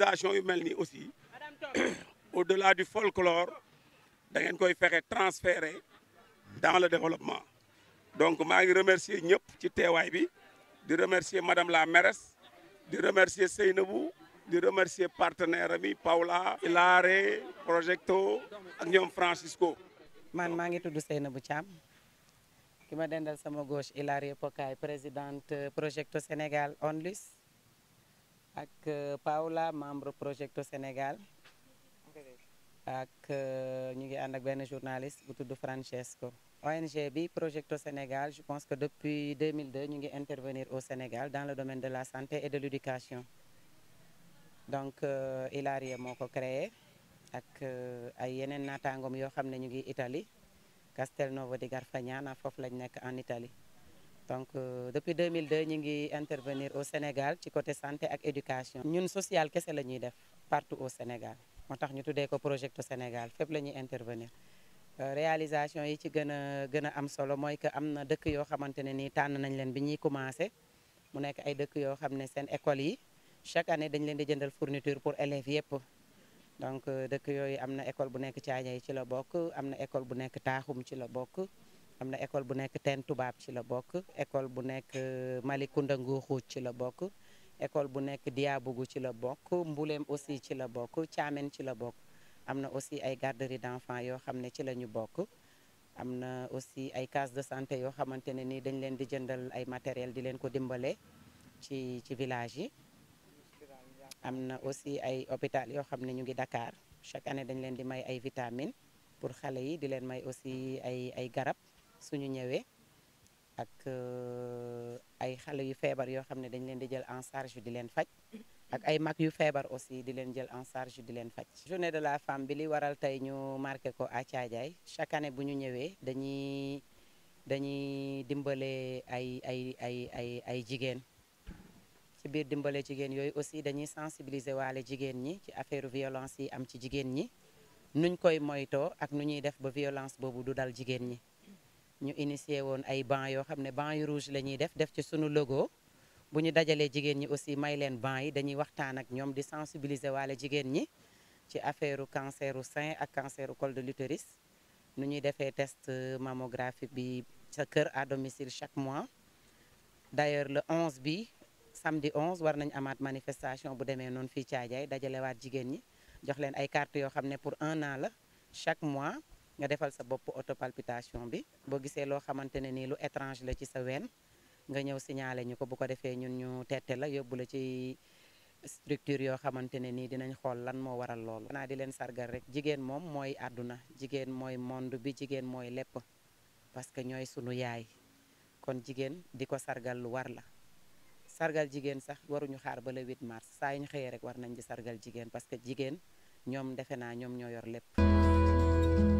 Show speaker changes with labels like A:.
A: organisation yu aussi au delà du folklore da ngeen koy transférer dans le développement donc je ngi remercier ñëpp ci teewaay bi di remercier madame la mairesse di remercier Seynabou di remercier partenaire ami Paula Ilarie, Projecto ak ñoom Francisco
B: man maa ngi tudd Seynabou Cham, ki ma dendal sama gauche Ilaare Pokai, présidente Projecto Sénégal Onlus ak euh, Paola membre Projecto Sénégal ak euh, ñu ngi journaliste bu Francesco ONG bi Projecto Sénégal je pense que depuis 2002 nous ngi intervenir au Sénégal dans le domaine de la santé et de l'éducation donc euh, il a moko créé ak ay yenen natangom yo xamné ngi Italie Castelnuovo di Garfagnana foofu lañ en Italie donc euh, depuis 2002 ñu ngi intervenir au Sénégal ci côté santé ak éducation ñun social kese la ñuy def partout au Sénégal moo tax ñu tuddee ko au Sénégal fépp la intervenir euh, réalisation yi ci gën a gën am solo mooy que am na dëkk yoo xamante ne nii tànn nañ leen bi ñuy commencé mu nekk ay dëkk yoo xam ne école yi chaque année dañ leen di jëndal fourniture pour élèves yëpp donc euh, dëkk yooyu am école bu nekk Caaña yi ci la bokk am na école bu nekk Taaxum ci la bokk am na école bu nekk teen tubaab ci la bokk école bu nekk euh, Malicounda Nguuxuut ci la bokk école bu nekk Diabougou ci la bokk Mbouleem aussi ci la bokk Thiamène ci la bokk am na aussi ay garderie d'enfants yoo xam ne ci la ñu bokk am na aussi ay case de santé yoo xamante ne nii dañ leen di jëndal ay matériel di leen ko dimbale ci ci village yi am na aussi ay hôpital yoo xam ne ñu ngi dakaar chaque année dañ leen di may ay vitamine pour xale yi di leen may aussi ay ay garab suñu ñëwee ak euh, ay xale yu feebar yoo xam ne dañ leen di jël en charge di leen faj ak ay mag yu feebar aussi di leen jël en charge di leen faj. journée de la femme bi li waral tey ñu marqué ko à Thiadiaye chaque année bu ñu ñëwee dañuy dañuy dimbale ay ay ay ay ay jigéen ci biir dimbalee jigéen yooyu aussi dañuy sensibiliser waale jigéen ñi ci affaire violence yi am ci jigéen ñi nuñ koy moytoo ak nu ñuy def ba violence boobu du dal jigéen ñi. ñu initié won ay ban yo xamné ban banc yu rouge lañuy def def ci sunu logo buñu dajalé dajalee ñi aussi may leen banc yi dañuy waxtaan ak ñom di sensibiliser waale jigéen ñi ci affaire cancer sein ak cancer col de l'utérus nu ñuy défé test euh, mammographique bi sa kër à domicile chaque mois d'ailleurs le 11 bi samedi 11 war nañ amat manifestation bu non noonu fii Thiadiaye dajalewaat jigéen ñi jox leen ay carte yo xamné pour un an la chaque mois nga defal sa bopp autopalpitation bi bo gisee lo xamantene ni lu étrange la ci sa wène nga ñew signaler ñuko bu ko defé ñun ñu tété la yobbu la ci structure yo xamantene ni dinañ xol lan mo waral lool na di len sargal rek jigen mom moy aduna jigen moy monde bi jigen moy lepp parce que ñoy sunu yaay kon jigen diko sargal lu war la. sargal jigen sax ñu xaar ba le 8 mars saa yu ñu rek war nañ di sargal jigen, parce que jigen ñom defe ñom ñoyor lepp